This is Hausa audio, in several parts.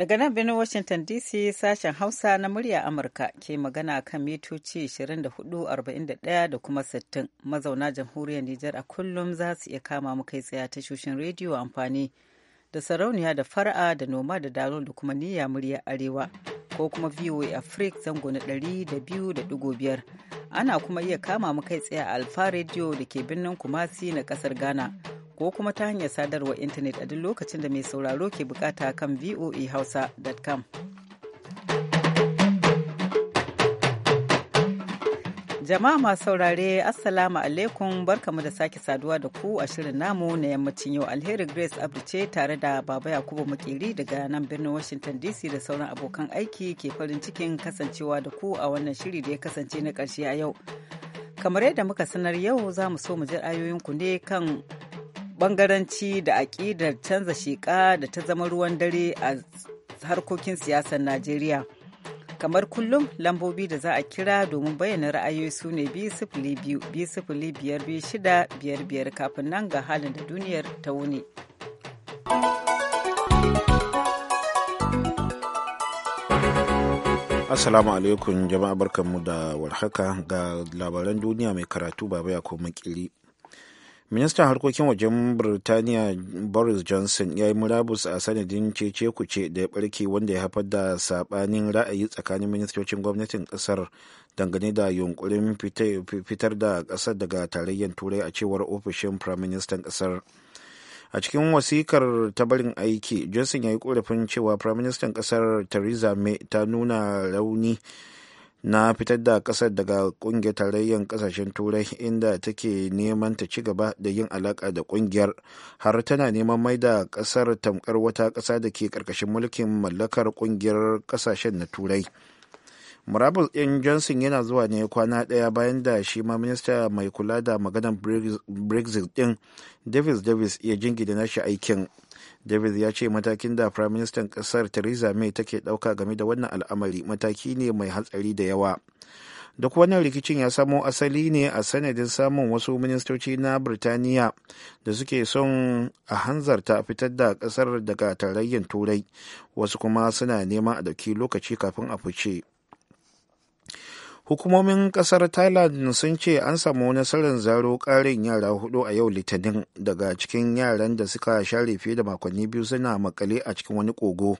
Daga nan birnin Washington DC sashen Hausa na murya Amurka ke magana kan mitoci 24,41 da kuma 60 mazauna jamhuriyar Nijar a kullum za su iya kama mu kai tsaye tashoshin rediyo amfani da sarauniya da fara da noma da dalo da kuma niyya murya arewa ko kuma VOA Africa zango na 200.5 ana kuma iya kama mu kai tsaye a Alfa Radio da ke birnin Kumasi na kasar Ghana. ko kuma ta hanyar sadarwar intanet a duk lokacin da mai sauraro ke bukata kan voahausa.com. Jama'a masu saurare Assalamu alaikum barkamu da sake saduwa da ku a shirin namu na yammacin yau alheri Grace Abdu ce tare da Baba Yakubu Makeri daga nan birnin Washington DC da sauran abokan aiki ke farin cikin kasancewa da ku a wannan shiri da ya kasance na karshe a yau. Kamar yadda muka sanar yau za mu so mu ji ku ne kan bangaranci da aƙidar canza sheƙa da ta zama ruwan dare a harkokin siyasar najeriya kamar kullum lambobi da za a kira domin bayyana ra'ayoyi su ne biyar biyar kafin nan ga halin da duniyar ta wuni assalamu alaikum jama'a barkanmu da warhaka ga labaran duniya mai karatu baba ya kuma ministan harkokin wajen birtaniya boris johnson ya yi murabus a sanadin cece kuce da ya barke wanda ya haifar da sabanin ra'ayi tsakanin ministocin gwamnatin kasar dangane da yunkurin fitar da kasar daga tarayyar turai a cewar ofishin prime minister kasar a cikin wasikar ta barin aiki johnson ya yi korafin cewa prime minister kasar theresa may ta nuna rauni na fitar da kasar daga kungiyar tarayyar kasashen turai inda take neman ta ci gaba da yin alaka da kungiyar har tana neman mai da kasar tamkar wata kasa da ke karkashin mulkin mallakar kungiyar kasashen na turai murabus ɗin johnson yana zuwa ne kwana daya bayan da shi ma minista mai kula da maganar brexit ɗin davis davis ya jingida nashi aikin david ya ce matakin da prime minister kasar theresa may take dauka game da wannan al'amari mataki ne mai hatsari da yawa duk wannan rikicin ya samo asali ne a sanadin samun wasu ministoci na birtaniya da suke son a hanzarta fitar da kasar daga tarayyar turai wasu kuma suna neman a dauki lokaci kafin a fice hukumomin kasar thailand sun ce an samu nasarar zaro karin yara hudu a yau litinin daga cikin yaran da suka share fiye da makonni biyu suna makale a cikin wani kogo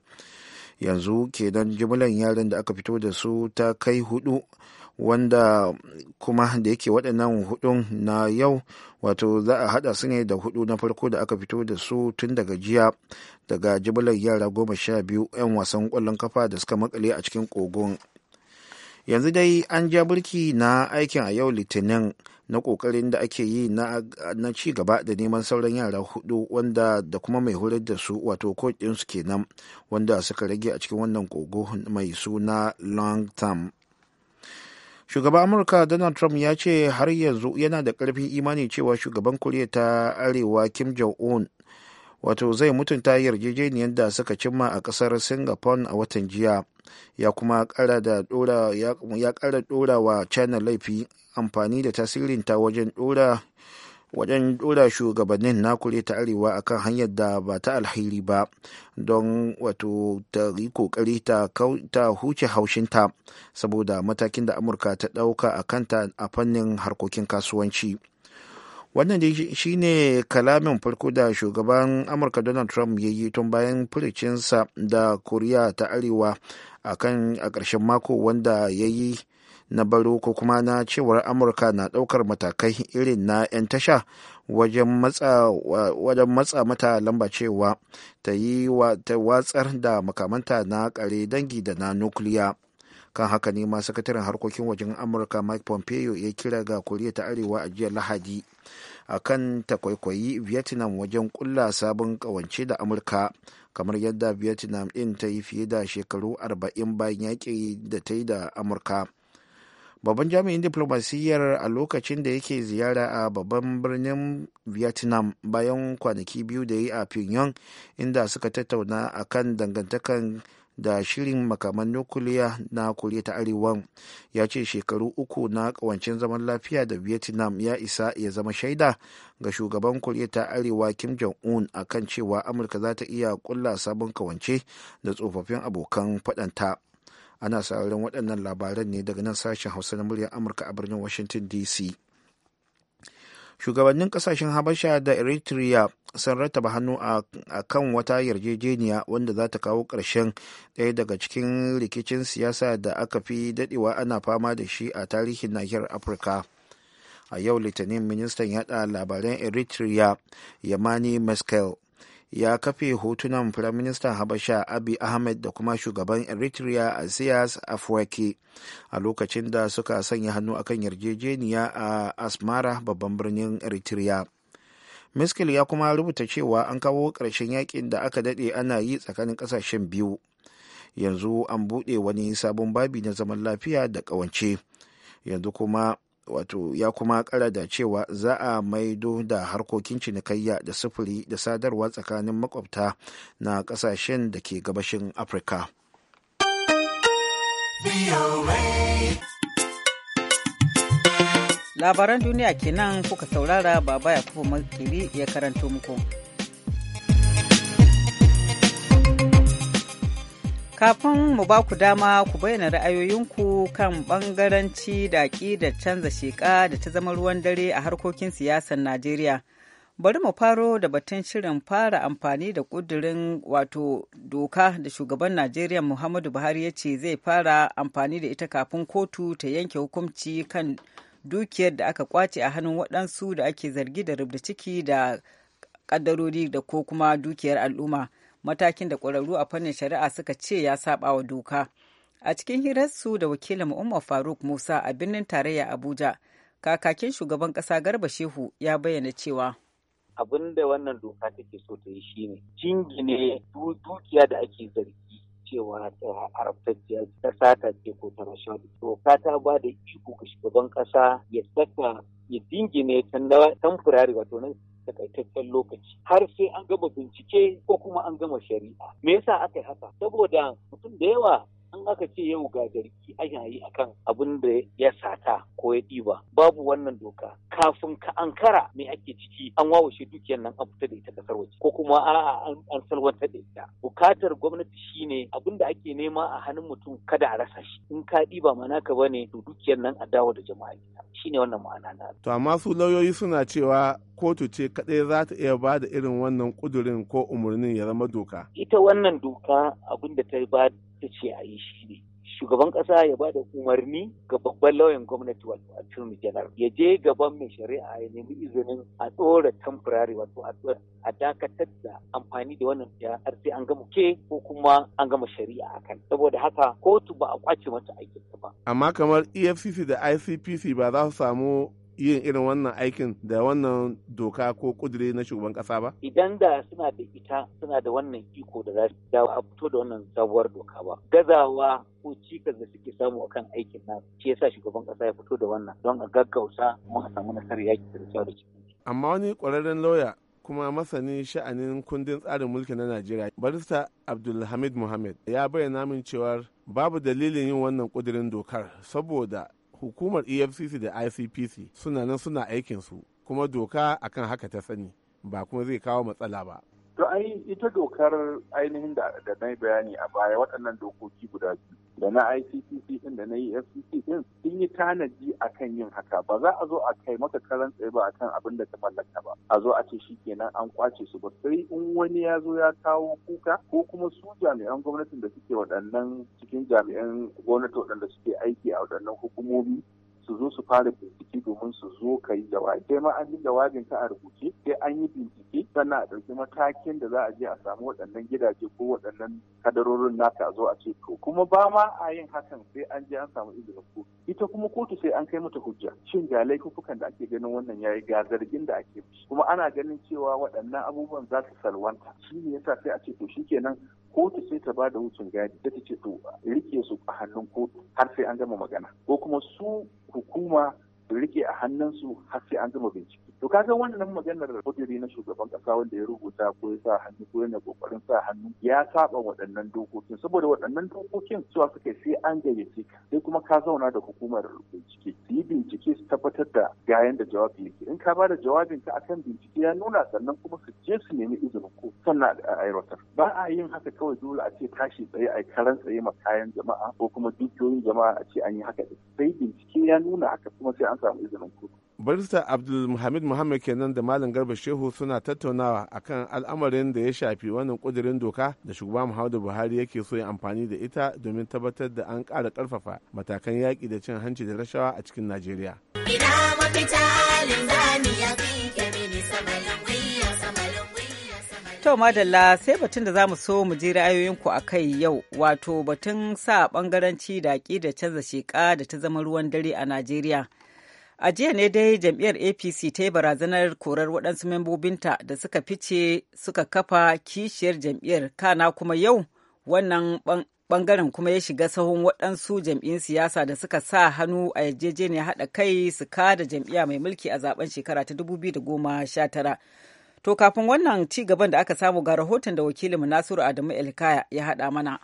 yanzu kenan jimlar yaran da aka fito da su ta kai hudu wanda kuma da yake waɗannan hudun na yau wato za a haɗa su ne da hudu na farko da aka fito da su tun daga jiya daga jibilar yara goma sha biyu 'yan wasan kwallon kafa da suka makale a cikin kogon yanzu dai an ja burki na aikin a yau litinin na kokarin da ake yi na ci gaba da neman sauran yara hudu wanda da kuma mai horar da su wato su kenan wanda suka rage a cikin wannan kogo mai suna long term shugaban amurka donald trump ya ce har yanzu yana da karfin imani cewa shugaban koriya ta arewa kim jong-un wato zai mutunta yarjejeniyar da suka cimma a kasar singapore a watan jiya ya kuma kara dora wa china laifi amfani da tasirinta wajen dora wajen dora shugabannin na ta arewa akan hanyar da ba ta alheri ba don wato ta yi kokari ta huce haushinta saboda matakin da amurka ta ɗauka a kanta a fannin harkokin kasuwanci wannan dai shi ne kalamin farko da shugaban amurka donald trump ya yi tun bayan furicinsa da koriya ta arewa a ƙarshen mako wanda ya yi na baro ko kuma na cewar amurka na ɗaukar matakai irin na 'yan tasha wajen matsa mata lamba cewa ta yi watsar da makamanta na kare dangi da na nukiliya. kan haka ne ma sakataren harkokin wajen amurka mike pompeo ya kira ga koriya ta arewa a jiya lahadi a kan ta kwaikwayi vietnam wajen kulla sabon kawance da amurka kamar yadda vietnam din ta yi fiye da shekaru 40 bayan yaƙi da ta yi da amurka babban jami'in diplomasiyyar a lokacin da yake ziyara a babban birnin vietnam bayan kwanaki biyu da yi a pyongyang inda suka tattauna akan dangantakan da shirin makaman nukuliya na koriya ta arewa ya ce shekaru uku na kawancin zaman lafiya da vietnam ya isa ya zama shaida ga shugaban koriya ta arewa kim jong-un a kan cewa amurka za ta iya kulla sabon kawance da tsofaffin abokan faɗanta ana sauraron waɗannan labaran ne daga nan sashen hausa na muryar amurka a birnin washington dc shugabannin kasashen habasha da eritrea sun rataba hannu a kan wata yarjejeniya wanda za ta kawo ƙarshen ɗaya daga cikin rikicin siyasa da aka fi daɗewa ana fama da shi a tarihin nahiyar afirka a yau litinin ministan yada labaran eritrea yamani meskel ya kafe hotunan firaministan habasha abi ahmed da kuma shugaban eritrea asias afwerki a lokacin da suka sanya hannu akan yarjejeniya a asmara babban birnin eritrea miskil ya kuma rubuta cewa an kawo ƙarshen yakin da aka daɗe ana yi tsakanin ƙasashen biyu yanzu an buɗe wani sabon babi na zaman lafiya da ƙawance yanzu kuma wato ya kuma kara da cewa za a maido da harkokin cinikayya da sufuri da sadarwa tsakanin makwabta na kasashen da ke gabashin afirka labaran duniya kenan kuka saurara baba ya kuma makiri ya karanto muku. Kafin mu ba ku dama ku bayyana ra'ayoyinku kan bangaranci da da canza sheƙa da ta zama ruwan dare a harkokin siyasar Najeriya. Bari mu faro da batun shirin fara amfani da kudirin wato doka da shugaban Najeriya Muhammadu Buhari ya ce zai fara amfani da ita kafin kotu ta yanke hukunci kan dukiyar da aka kwace a hannun waɗansu da ake zargi da rubda ciki da ƙaddarori da ko kuma dukiyar al'umma. matakin da ƙwararru a fannin shari'a suka ce ya saba wa doka. A cikin hirarsu da wakilin Umar Faruk Musa a birnin tarayya Abuja, kakakin shugaban ƙasa Garba Shehu ya bayyana cewa. Abin da wannan doka take so ta yi shine jingine dukiya da ake zargi cewa ta haraftajjiya ta sata ce ko ta Doka ta ba da iko ga shugaban ƙasa ya saka ya dingine tamfurari wato nan takaitaccen lokaci har sai an gama bincike ko kuma an gama shari'a me yasa aka yi haka saboda mutum da yawa An aka ce yau ga gariki ana yi kan abin da ya sata ko ya ɗiba babu wannan doka kafin ka ankara mai ake ciki an wawashe dukiyar nan an fita da ita kasar waje ko kuma a'a an salwanta da ita bukatar gwamnati shine abin da ake nema a hannun mutum kada a rasa shi in ka ɗiba ma naka bane to dukiyar nan a dawo da jama'a shine wannan ma'ana na to amma su lauyoyi suna cewa kotu ce kadai za ta iya ba da irin wannan kudurin ko umarnin ya zama doka ita wannan doka abin da ta ba ta ce a yi shi ne shugaban ƙasa ya ba da umarni ga babban lauyan gwamnati wato attorney janar. ya je gaban mai shari'a ya nemi izinin a tsora temporary wato a dakatar da amfani da wannan da an gama ke ko kuma an gama shari'a a kan. saboda haka kotu ba a kwace mata aikin ba amma kamar efcc da icpc ba za su samu yin irin wannan aikin da wannan doka ko kudure na shugaban kasa ba? Idan da suna da ita suna da wannan iko da za su dawo a fito da wannan sabuwar doka ba. Gazawa ko cikas da suke samu a kan aikin nan shi yasa shugaban kasa ya fito da wannan don a gaggauta mun a samu nasarar yaki da da cikin. Amma wani ƙwararren lauya kuma masani sha'anin kundin tsarin mulki na Najeriya barista Abdulhamid Muhammad ya bayyana min cewar babu dalilin yin wannan kudirin dokar saboda hukumar efcc da icpc suna nan suna aikinsu kuma doka akan haka ta sani ba kuma zai kawo matsala ba To ai ita dokar ainihin da na bayani a baya waɗannan dokoki guda biyu da na ICCC din da na EFCC ɗin sun yi tanaji akan yin haka ba za a zo a kai maka karan tsaye ba akan abin da ta mallaka ba a zo a ce kenan an kwace su ba sai in wani ya zo ya kawo kuka ko kuma su jami'an gwamnatin da suke waɗannan cikin jami'an gwamnati waɗanda suke aiki a waɗannan hukumomi su zo su fara bincike domin su zo ka yi jawabi sai ma an yi jawabin ka a rubuce sai an yi bincike sannan a ɗauki matakin da za a je a samu waɗannan gidaje ko waɗannan kadarorin naka a zo a ce to kuma ba ma a yin hakan sai an je an samu izinin kotu ita kuma kotu sai an kai mata hujja shin ga laifukan da ake ganin wannan yayi ga zargin da ake kuma ana ganin cewa waɗannan abubuwan za su salwanta shi ne yasa sai a ce to shikenan kotu sai ta ba da wucin gadi da ta ce to rike su a hannun kotu har sai an gama magana ko kuma su hukuma rike a hannunsu har sai an gama bincike to san wannan maganar kudiri na shugaban kasa wanda ya rubuta ko ya sa hannu ko yana kokarin sa hannu ya saba waɗannan dokokin saboda waɗannan dokokin suwa suka sai an gayyace ka sai kuma ka zauna da hukumar bincike su yi bincike su tabbatar da gayan da jawabi yake in ka bada jawabin ka akan bincike ya nuna sannan kuma su je su nemi izinin ko sannan a aiwatar ba a yin haka kawai dole a ce tashi tsaye a karan tsaye ma kayan jama'a ko kuma dukiyoyin jama'a a ce an yi haka sai bincike ya nuna haka kuma sai an samu izinin kotu barista abdul muhammad kenan da malam garba shehu suna tattaunawa a kan al'amarin da ya shafi wannan kudirin doka da shugaba muhammadu buhari yake so ya amfani da ita domin tabbatar da an ƙara ƙarfafa matakan yaƙi da cin hanci da rashawa a cikin najeriya To madalla sai batun da za mu so mu ji ra'ayoyinku a kai yau wato batun sa bangaranci da da canza sheka da ta zama ruwan dare a Najeriya. A jiya ne dai jam'iyyar APC ta yi barazanar korar waɗansu membobinta da suka fice suka kafa kishiyar jam'iyyar kana kuma yau wannan bangaren kuma ya shiga sahun waɗansu jam'in siyasa da suka sa hannu a yarjejeniyar haɗa kai su kada jam'iyya mai mulki a zaben shekara ta dubu biyu da goma 2019. To kafin wannan ci gaban da aka samu ga rahoton da wakilinmu Nasiru Adamu Elkaya ya haɗa mana.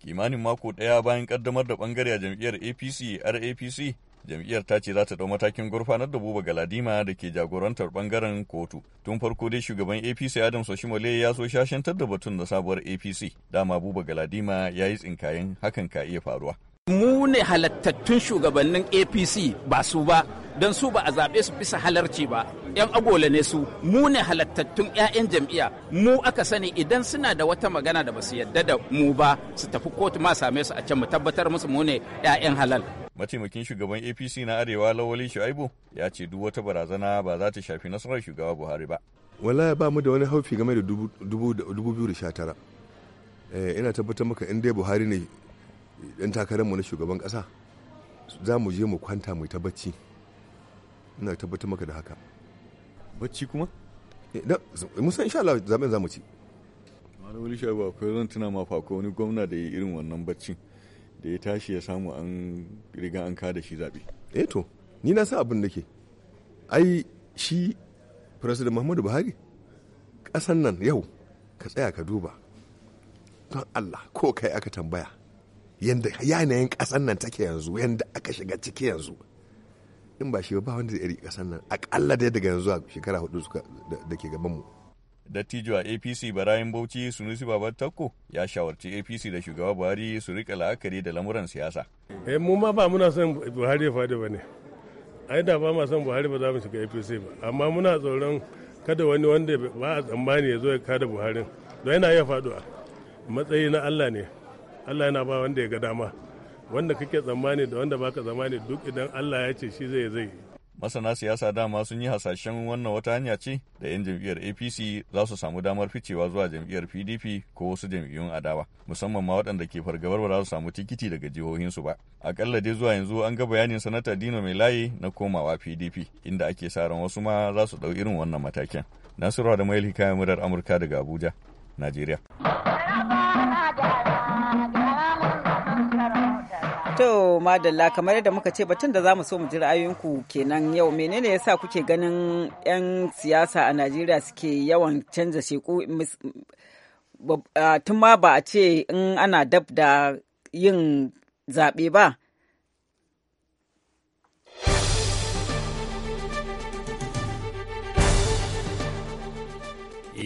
Kimanin mako ɗaya bayan ƙaddamar da ɓangare a jam'iyyar APC RAPC jam'iyyar ta ce za ta dau matakin gurfanar da buba galadima da ke jagorantar bangaren kotu tun farko dai shugaban apc adam soshimole ya so shashantar da batun da sabuwar apc dama buba galadima ya yi tsinkayen hakan ka iya faruwa mu ne halattattun shugabannin apc ba su ba don su ba a zaɓe su bisa halarci ba yan agola ne su mu ne halattattun 'ya'yan jam'iyya mu aka sani idan suna da wata magana da ba su yadda da mu ba su tafi kotu ma same su a can mu tabbatar musu mu ne 'ya'yan halal mataimakin shugaban apc na arewa lawali shu'aibu ya ce duk wata barazana ba za ta shafi nasarar shugaba buhari ba wallahi ba mu da wani haufi game da 2019 eh, ina tabbatar maka in dai buhari ne dan mu na shugaban kasa za mu je mu kwanta mu ta bacci ina tabbatar maka da haka bacci kuma eh, musan insha Allah zaben za mu ci malam wani shabu akwai zan tuna ma fa wani gwamna da yi irin wannan baccin da ya tashi ya samu an riga an kada shi zaɓe. eh to ni na sa abin da ke ai shi president muhammadu buhari kasan nan yau ka tsaya ka duba don allah ko kai aka tambaya yadda yanayin kasan nan take yanzu yadda aka shiga ciki yanzu in ba shi ba wanda zai iri ƙasan nan aƙalla yadda daga yanzu a shekara hudu da ke mu. Dattijo a APC Barayin Bauchi Sunusi Babar Takko ya shawarci APC da shugaba Buhari su rika la'akari da lamuran siyasa. Eh mu ma ba muna son Buhari ya faɗi ba ne. Ai da ba ma son Buhari ba za mu shiga APC ba amma muna tsoron kada wani wanda ba a tsammani ya zo ya kada Buhari don yana iya faɗuwa Matsayi na Allah ne. Allah yana ba wanda ya ga dama. Wanda kake tsammani da wanda baka tsammani duk idan Allah ya ce shi zai zai Masana siyasa dama sun yi hasashen wannan wata hanya ce da 'yan jam'iyyar APC za su samu damar ficewa zuwa jam'iyyar PDP ko wasu jam'iyyun adawa, musamman ma waɗanda ke fargabar ba za su samu tikiti daga jihohinsu ba. Akalla dai zuwa yanzu an ga bayanin sanata Dino Mai Layi na komawa PDP, inda ake sa ran wasu ma za su ɗau irin wannan matakin. Nasiru da Mail Hikaya Murar Amurka daga Abuja, Najeriya. To madalla kamar yadda muka ce batun da za mu so mu ji ra'ayinku kenan yau menene ya sa kuke ganin 'yan siyasa a Najeriya suke yawan canza sheku tun ma ba a ce in ana dab da yin zaɓe ba.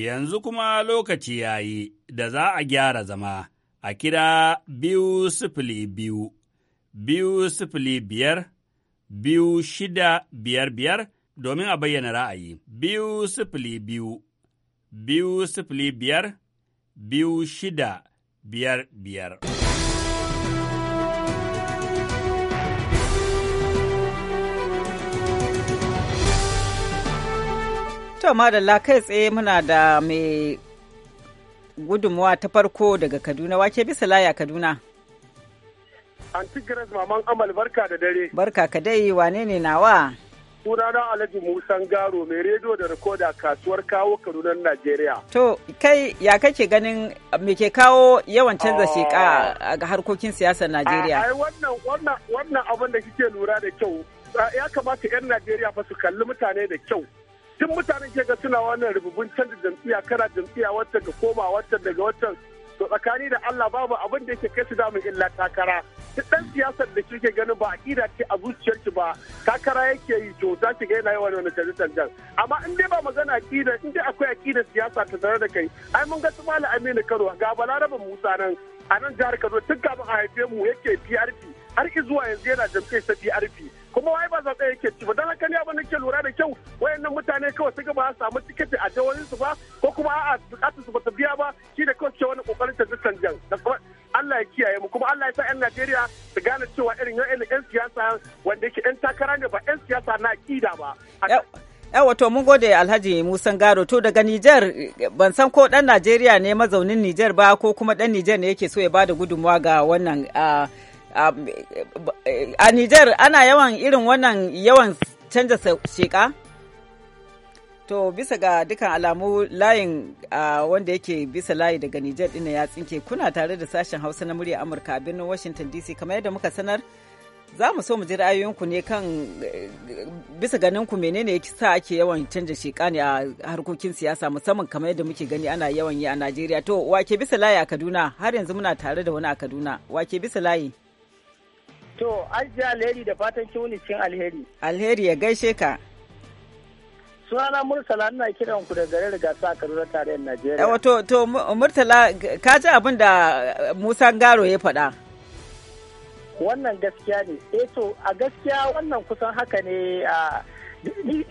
Yanzu kuma lokaci ya yi da za a gyara zama a kira biyu sifili biyu. biyu sifili biyar biyu shida biyar biyar domin a bayyana ra'ayi biyu sifili biyu biyu sifili biyar biyu shida biyar biyar. To madalla kai tsaye muna da mai gudunmuwa ta farko daga Kaduna wake bisa laya Kaduna. Anti Grace Maman Amal barka da dare. Barka ka dai wane ne nawa? Sunana Alhaji Musan Garo mai rediyo da rikoda kasuwar kawo Kadunan Najeriya. To kai ya kake ganin me ke kawo yawan canza ah. sheka ga harkokin siyasar Najeriya? Ai wannan wannan abin da kike lura da kyau ya kamata 'yan Najeriya fa su kalli mutane da kyau. Tun mutane ke ga suna wannan rububin canza jam'iyya kana jam'iyya wata ga koma wata daga wata. to tsakani da Allah babu abin da yake kai su damu illa takara duk dan siyasar da kike gani ba akida ce a zuciyar ki ba takara yake yi to za ki ga yana yawan wani canje canjen amma in dai ba magana akida in dai akwai akida siyasa ta tare da kai ai mun ga su malam Aminu Karo ga Balarabe Musa nan a nan jihar Kano tun kafin a haife mu yake PRP har zuwa yanzu yana jam'iyyar ta PRP kuma wai ba zaɓe yake ci ba don haka ne abin da ke lura da kyau wayannan mutane kawai su ba samu tiketi a jawoyin su ba ko kuma a'a bukatar su bata biya ba shi da kawai wani kokarin ta dukkan jan Allah ya kiyaye mu kuma Allah ya sa 'yan Najeriya su gane cewa irin yan siyasa wanda yake 'yan takara ne ba 'yan siyasa na akida ba. yawa to mun gode alhaji musan garo to daga nijar ban san ko dan najeriya ne mazaunin nijar ba ko kuma ɗan nijar ne yake so ya bada gudunmawa ga wannan ah, Um, a Nijar ana yawan irin wannan yawan canza sheka? To bisa ga dukan alamu layin wanda yake bisa layi daga Nijar ɗin ya tsinke kuna tare da sashen Hausa na murya Amurka a birnin Washington DC kamar yadda muka sanar za mu so mu ji ra'ayoyinku ne kan bisa ganinku menene ya sa ake yawan canja sheka ne a harkokin siyasa musamman kamar yadda muke gani ana yawan yi a Najeriya to wake bisa layi a Kaduna har yanzu muna tare da wani a Kaduna wake bisa layi. To, an ji alheri da fatan wuni cin alheri. Alheri ya gaishe ka. Sunana Murtala ina kiran ku da garin rigasa a Kaduna tarayyar Najeriya. Yawa to, to Murtala ka ji abin da Musa Garo ya faɗa. Wannan gaskiya ne. Eh to, a gaskiya wannan kusan haka ne a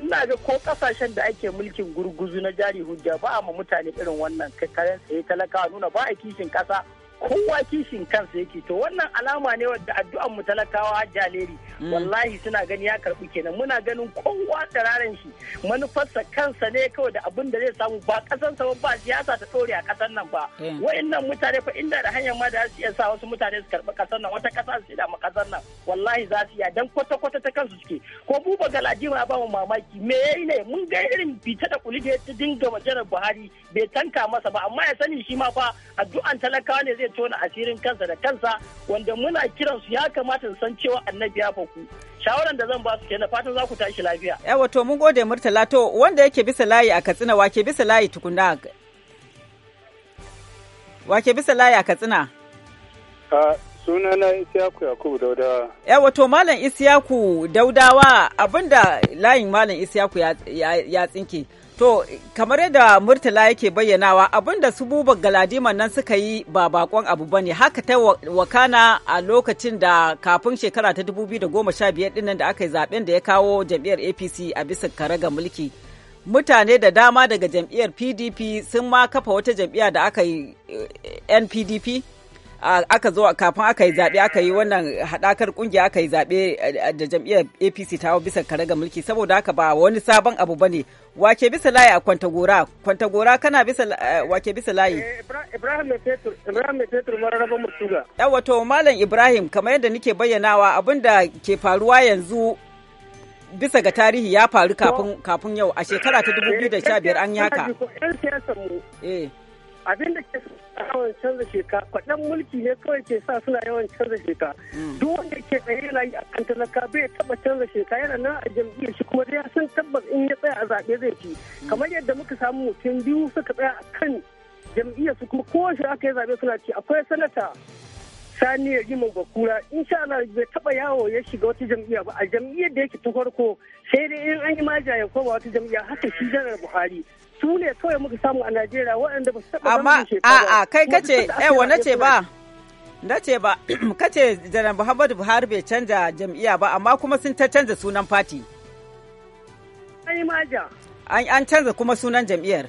ina ga ko kasashen da ake mulkin gurguzu na jari hujja ba a ma mutane irin wannan kayan tsaye talakawa nuna ba a kishin kasa kowa kishin kansa yake to wannan alama ne wadda addu'an mu talakawa jaleri mm. wallahi suna gani ya karbi kenan muna ganin kowa tsararen shi manufarsa kansa ne kawai da abin da zai samu ba kasan ba ba siyasa ta tsore a kasan nan ba eh. wayannan mutane fa inda da hanyar ma da su iya sa wasu mutane su karbi kasan nan wata kasa su da kasan nan wallahi za su iya dan kwata kwata ta kansu suke ko buba ma ba mu mamaki me yayi ne mun ga irin bita da kuli da ya dinga majalar Buhari bai tanka masa ba amma ya sani shi ma fa addu'an talakawa ne zai wani asirin kansa da kansa wanda muna kiran su ya kamata su san cewa annabi ya faku shawaran da zan ba su kenan fatan za ku tashi lafiya yawa to mun gode murtala to wanda yake bisa layi a katsina wake bisa layi tukuna wake bisa layi a katsina sunana isiyaku yakubu daudawa yawa to malam isiyaku daudawa abinda layin malam isiyaku ya tsinke To, kamar yadda Murtala yake bayyanawa abun da su buba galadima nan suka yi ba bakon abu bane haka ta wakana a lokacin da kafin shekara ta 2015 dinnan da aka yi zaben da ya kawo jam'iyyar APC a bisa kare ga mulki. Mutane da dama daga jam'iyyar PDP sun ma kafa wata jam'iyya da aka yi eh, NPDP aka zo kafin aka yi zaɓe aka yi wannan haɗakar ƙungiya aka yi zaɓe eh, eh, da jam'iyyar apc ta hau bisa karaga mulki saboda haka ba wani sabon abu ba ne wake bisa layi a kwantagora kwantagora kana bisa eh, wake bisa layi ibrahim mai fetur ibrahim mai fetur mararraba murtuga ɗan wato malam ibrahim kamar yadda nike bayyanawa abin da ke faruwa yanzu bisa ga tarihi ya faru kafin kafin yau a shekara ta 2015 an yi haka abin da ke yawan canza sheka kwaɗan mulki ne kawai ke sa suna yawan canza sheka mm. duk wanda ke tsaye layi a kan talaka bai taɓa canza sheka yana nan a jam'iyyar shi kuma dai sun tabbas in ya tsaya a zaɓe zai ci mm. kamar yadda muka samu mutum biyu suka tsaya a kan jam'iyyar su kuma kowace aka yi zaɓe suna ci akwai sanata sani ya yi bakura in sha Allah bai taba yawo ya shiga wata jam'iyya ba a jam'iyyar da yake ta farko sai dai in an yi maja ya wata jam'iyya haka shi janar Buhari su ne kawai muka samu a Najeriya waɗanda ba su taba amma a a kai kace eh wane ce ba na ce ba kace janar Muhammadu Buhari bai canja jam'iyya ba amma kuma sun ta canza sunan fati an yi maja an canza kuma sunan jam'iyyar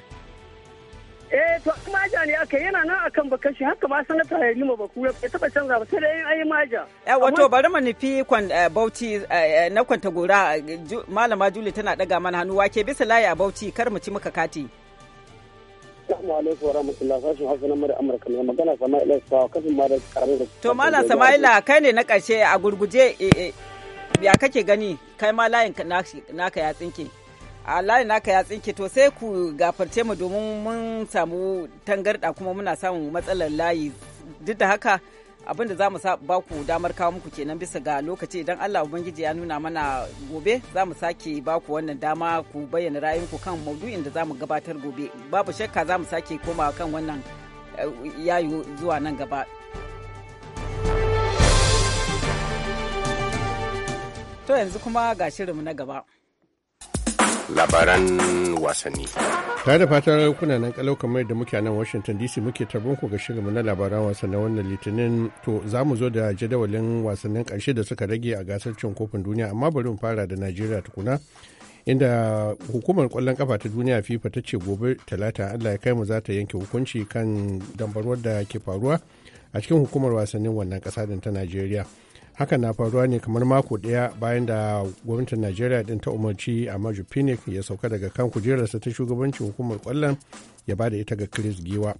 eh to maja ne aka yana nan akan ba kashi haka ma sanata ya rima baku ya taba canza ba sai dai ai maja eh wato bari mu nufi kwan eh, bauchi eh, eh, na kwanta gora malama juli tana daga mana hannu wake bisa layi a bauchi kar mu ci muka kati Assalamu alaikum wa rahmatullahi wa Hausa na mara Amurka ne magana Sama'ila sa kafin ma da karamin da To Malam Sama'ila kai ne na ƙarshe a gurguje ya kake gani kai ma layin naka ya tsinke. a layin naka ya tsinke to sai ku gafarce mu domin mun samu tangarɗa kuma muna samun matsalar layi duk da haka abinda za mu ba ku damar kawo muku kenan bisa ga lokaci idan Allah Ubangiji ya nuna mana gobe za mu sake ba ku wannan dama ku bayyana ra'ayinku kan maudu'in da za mu gabatar gobe babu shakka za mu sake koma kan wannan eh, yayu zuwa nan gaba. To yanzu kuma ga shirinmu na gaba. labaran wasanni. Ta da fatar kuna nan kalau kamar da muke nan Washington DC muke tarbon ku ga shirin na labaran wasannin wannan litinin to za mu zo da jadawalin wasannin karshe da suka rage a gasar cin kofin duniya amma bari mu fara da Najeriya tukuna. Inda hukumar kwallon kafa ta duniya FIFA ta ce gobe talata Allah ya kai mu za ta yanke hukunci kan dambarwar da ke faruwa a cikin hukumar wasannin wannan ƙasa ta Najeriya. haka na faruwa ne kamar mako daya bayan da gwamnatin najeriya din ta umarci amaju phoenix ya sauka daga kan kujerarsa ta shugabancin hukumar kwallon ya ba da ita ga chris giwa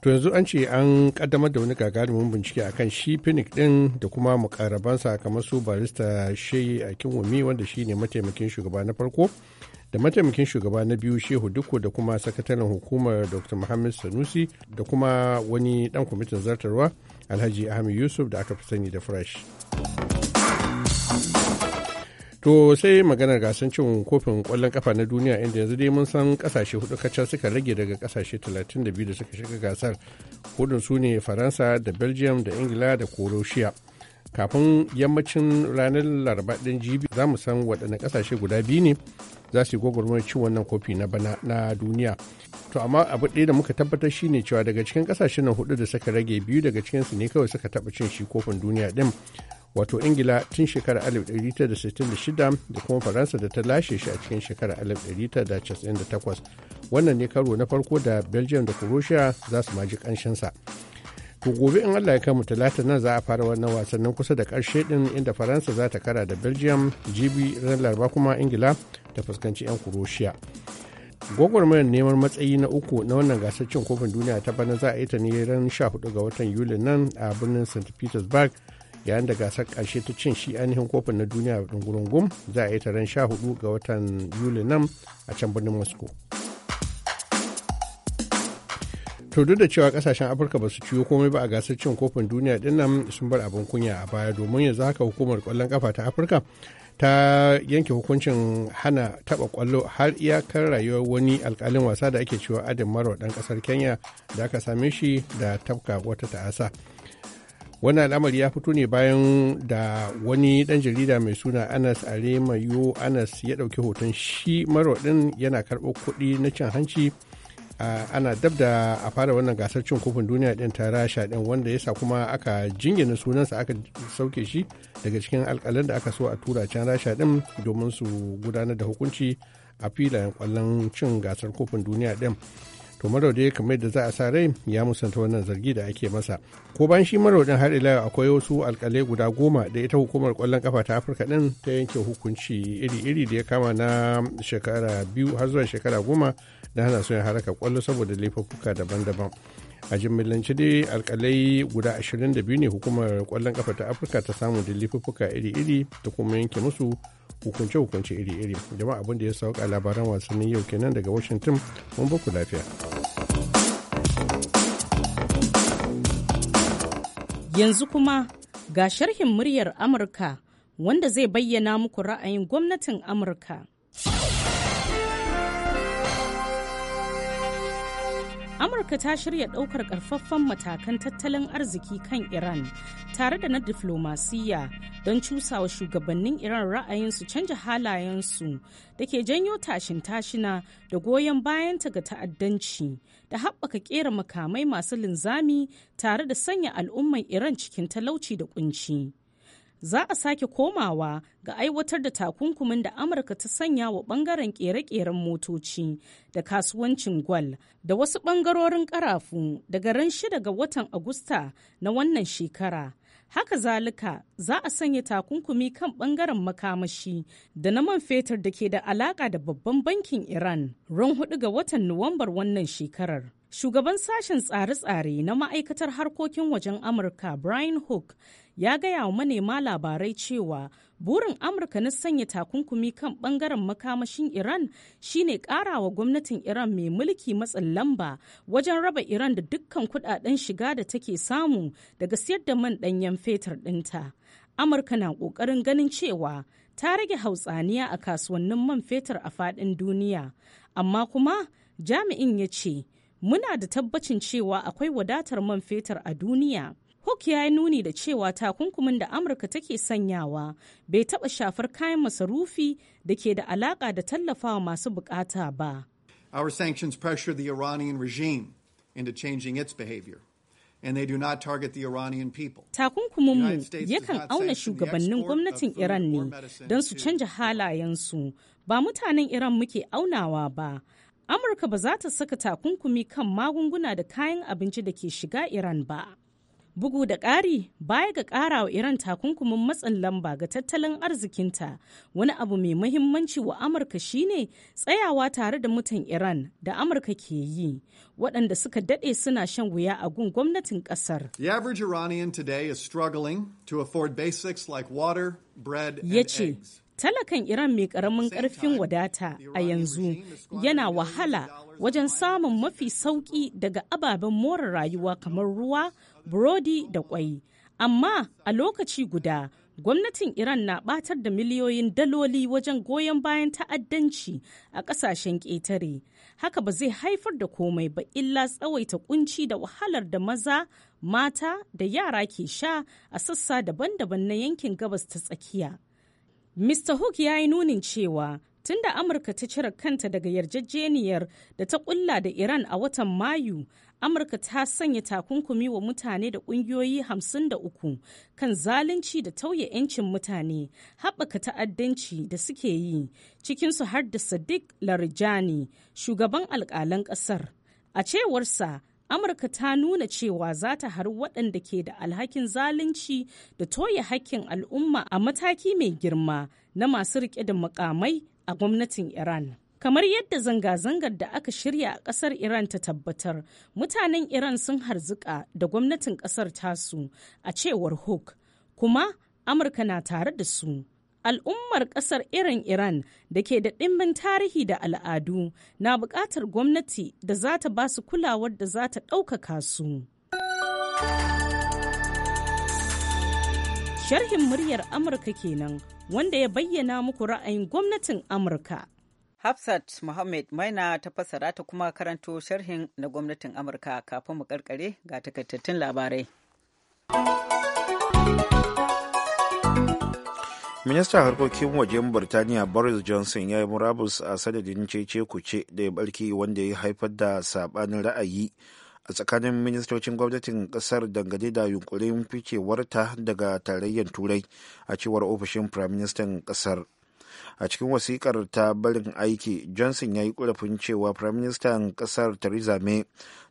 to yanzu an ce an kaddamar da wani gagarumin bincike akan shi phoenix din da kuma mukarabansa kamar su barista shehi a kinwumi wanda shi ne mataimakin shugaba na farko da mataimakin shugaba na biyu shehu duku da kuma sakataren hukumar dr muhammad sanusi da kuma wani dan kwamitin zartarwa alhaji ahmed yusuf da aka fi sani da fresh to sai maganar gasan cin kofin kwallon kafa na duniya inda yanzu dai mun san kasashe hudu kacal suka rage daga kasashe 32 da suka shiga gasar hudun su ne faransa da belgium da ingila da croatia kafin yammacin ranar laraba ɗin jibi za mu san waɗanne kasashe guda biyu ne za su yi gwagwarmar cin wannan kofi na bana na duniya to amma abu ɗaya da muka tabbatar shine cewa daga cikin ƙasashen nan hudu da suka rage biyu daga cikinsu ne kawai suka taɓa cin shi kofin duniya ɗin wato ingila tun shekarar 1966 da kuma faransa da ta lashe shi a cikin shekarar 1998 wannan ne karo na farko da belgium da croatia za su maji kanshinsa to gobe in allah ya kai mu talata nan za a fara wannan wasannin kusa da karshe din inda faransa za ta kara da belgium jibi ran laraba kuma ingila ta fuskanci 'yan kuroshiya gwagwarmayar neman matsayi na uku na wannan gasar cin kofin duniya ta bana za a yi ta ne ran 14 ga watan yuli nan a birnin st petersburg yayin da gasar karshe ta cin shi ainihin kofin na duniya a ɗungurungum za a yi ta ran 14 ga watan yuli nan a can birnin moscow to duk da cewa kasashen afirka ba su ciyo komai ba a gasar cin kofin duniya din nan sun bar abin kunya a baya domin yanzu haka hukumar kwallon kafa ta afirka ta yanke hukuncin hana taba kwallo har iyakar rayuwar wani alkalin wasa da ake cewa adin maro dan kasar kenya da aka same shi da tafka wata ta'asa wani al'amari ya fito ne bayan da wani dan jarida mai suna anas aremayo anas ya ɗauki hoton shi maro din yana karɓo kuɗi na cin hanci ana dab da a fara wannan gasar cin kofin duniya din ta rasha din wanda yasa kuma aka jingina sunansa aka sauke shi daga cikin alkalin da aka so a tura can rasha din domin su gudanar da hukunci a filayen kwallon cin gasar kofin duniya din to maraudi kamar da za a sa rai ya musanta wannan zargi da ake masa ko bayan shi maraudin har ila akwai wasu alkalai guda goma da ita hukumar kwallon kafa ta afirka din ta yanke hukunci iri-iri da ya kama na shekara biyu har zuwa shekara goma da hana son haraka kwallo saboda laifuka daban-daban a jimillance dai alkalai guda ashirin da biyu ne hukumar kwallon kafa ta afirka ta samu da laifuka iri-iri ta kuma yanke musu hukunce-hukunce iri-iri jama'a abin da ya sauka labaran wasannin yau kenan daga washington mun baku lafiya yanzu kuma ga sharhin muryar amurka wanda zai bayyana muku ra'ayin gwamnatin amurka amurka ta shirya ɗaukar ƙarfaffen matakan tattalin arziki kan iran tare da na diflomasiyya don cusawa shugabannin iran ra'ayinsu canja halayensu da ke janyo tashin tashina da goyon bayanta ga ta'addanci da haɓaka ƙera makamai masu linzami tare da sanya al'umman iran cikin talauci da ƙunci. za a sake komawa ga aiwatar da takunkumin da amurka ta sanya wa bangaren kere-keren motoci da kasuwancin gwal da wasu bangarorin karafu daga ran shida ga watan agusta na wannan shekara haka zalika za a sanya takunkumi kan bangaren makamashi da na man fetur da ke da alaka da babban bankin iran ran hudu ga watan nuwambar wannan shekarar Shugaban sashen tsare-tsare na ma'aikatar harkokin wajen Amurka Brian Hook ya gaya wa manema labarai cewa burin Amurka na sanya takunkumi kan bangaren makamashin Iran shine wa gwamnatin Iran mai mulki matsin lamba wajen raba Iran da dukkan kudaden shiga da take samu daga siyar da man ɗanyen fetur ɗinta. Amurka na ƙoƙarin ganin cewa ta rage hautsaniya a kasuwannin man fetur a faɗin duniya, amma kuma jami'in ya ce. muna da tabbacin cewa akwai wadatar man fetur a duniya. Hook ya yi nuni da cewa takunkumin da Amurka take sanyawa bai taɓa shafar kayan masarufi da ke da alaƙa da tallafawa masu bukata ba. Our sanctions pressure the Iranian regime into changing its behavior. and they do not target the Iranian people. Takunkuminmu yakan auna shugabannin gwamnatin Iran ne don su canja halayensu, ba mutanen Iran muke aunawa ba, amurka ba za ta saka takunkumi kan magunguna da kayan abinci da ke shiga iran ba bugu da ƙari baya ga ƙara wa iran takunkumin matsin lamba ga tattalin arzikinta wani abu mai mahimmanci wa amurka shine tsayawa tare da mutan iran da amurka ke yi waɗanda suka daɗe suna shan wuya a gun gwamnatin ƙasar is to afford water, ya ce Talakan Iran mai ƙaramin ƙarfin wadata a yanzu yana wahala wajen samun mafi sauƙi daga ababen more rayuwa kamar ruwa, burodi da ƙwai. Amma a lokaci guda, gwamnatin Iran na ɓatar da miliyoyin daloli wajen goyon bayan ta'addanci a ƙasashen ƙetare. Haka ba zai haifar da komai ba illa tsawaita kunci da wahalar da maza, mata da yara ke sha a sassa daban-daban na yankin gabas ta tsakiya. Mr. Hook ya yi nunin cewa tunda Amurka ta cire kanta daga yarjejeniyar da ta kulla da Iran a watan Mayu, Amurka ta sanya takunkumi wa mutane da ƙungiyoyi 53 kan zalunci da tauye 'yancin mutane, haɓaka ta'addanci da suke yi, cikinsu har da Sadiq Larijani, shugaban alƙalan ƙasar. A cewarsa, amurka ta nuna cewa za ta hari waɗanda ke da alhakin zalunci da toye hakkin al'umma a mataki mai girma na masu riƙe da makamai a gwamnatin iran kamar yadda zanga-zangar da aka shirya a ƙasar iran ta tabbatar mutanen iran sun harzuka da gwamnatin ƙasar tasu a cewar hook kuma amurka na tare da su al'ummar ƙasar irin Iran da ke da ɗimbin tarihi da al'adu na buƙatar gwamnati da za ta ba su kulawar da za ta ɗaukaka su. Sharhin muryar Amurka kenan wanda ya bayyana muku ra'ayin gwamnatin Amurka. Hafsat Mohammed Maina ta fassara ta kuma karanto sharhin na gwamnatin Amurka kafin mu karkare ga takaitattun labarai. ministan harkokin wajen birtaniya boris johnson ya yi murabus a sanadin cece kuce da ya barki wanda ya haifar da sabanin ra'ayi a tsakanin ministocin gwamnatin kasar dangane da yunkurin ficewarta daga tarayyar turai a cewar ofishin firaministan kasar a cikin wasikar ta barin aiki johnson ya yi ƙorafin cewa firaministan ƙasar theresa may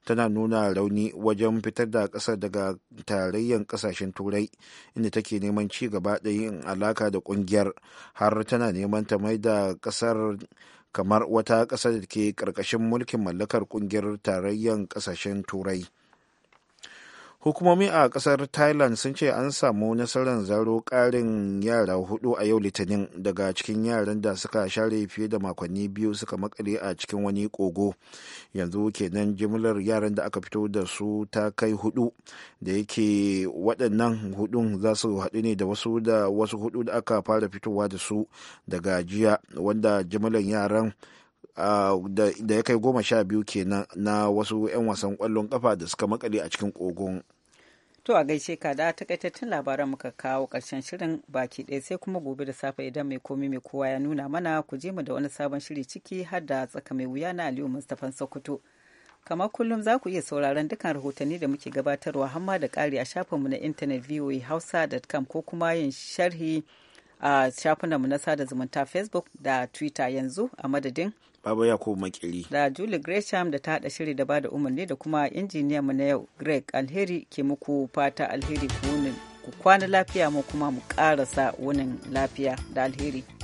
tana nuna rauni wajen fitar da ƙasar daga tarayyar ƙasashen turai inda take neman ci gaba da yin alaka da ƙungiyar har tana neman ta mai da ƙasar kamar wata ƙasar da ke ƙarƙashin mulkin mallakar ƙungiyar tarayyar ƙasashen turai hukumomi a kasar thailand sun ce an samu nasarar zaro karin yara hudu a yau litinin daga cikin yaran da suka share fiye da makonni biyu suka makale a cikin wani kogo yanzu kenan jimlar yaran da aka fito da su ta kai hudu da yake waɗannan hudun za su haɗu ne da wasu da wasu hudu da aka fara fitowa da su daga jiya wanda jimlar yaran da ya kai goma sha biyu kenan na wasu 'yan wasan kwallon kafa da suka makale a cikin kogon To a gaishe ka da takaitattun labaran muka kawo karshen shirin baki ɗaya sai kuma gobe da safe idan mai komi mai kowa ya nuna mana ku je mu da wani sabon shiri ciki har da tsaka mai wuya na Aliyu Mustapha Sokoto. Kamar kullum za ku iya sauraron dukkan rahotanni da muke gabatarwa hamma da ƙari a shafinmu na intanet voahausa.com ko kuma yin sharhi a mu na sada zumunta facebook da twitter yanzu a madadin Baba Yakubu Makiri. Da Julie Gresham da ta haɗa shiri da bada umarni da kuma injiniyan mu na yau Greg Alheri ke muku fata alheri ku kwana lafiya mu kuma mu ƙarasa wunin lafiya da alheri.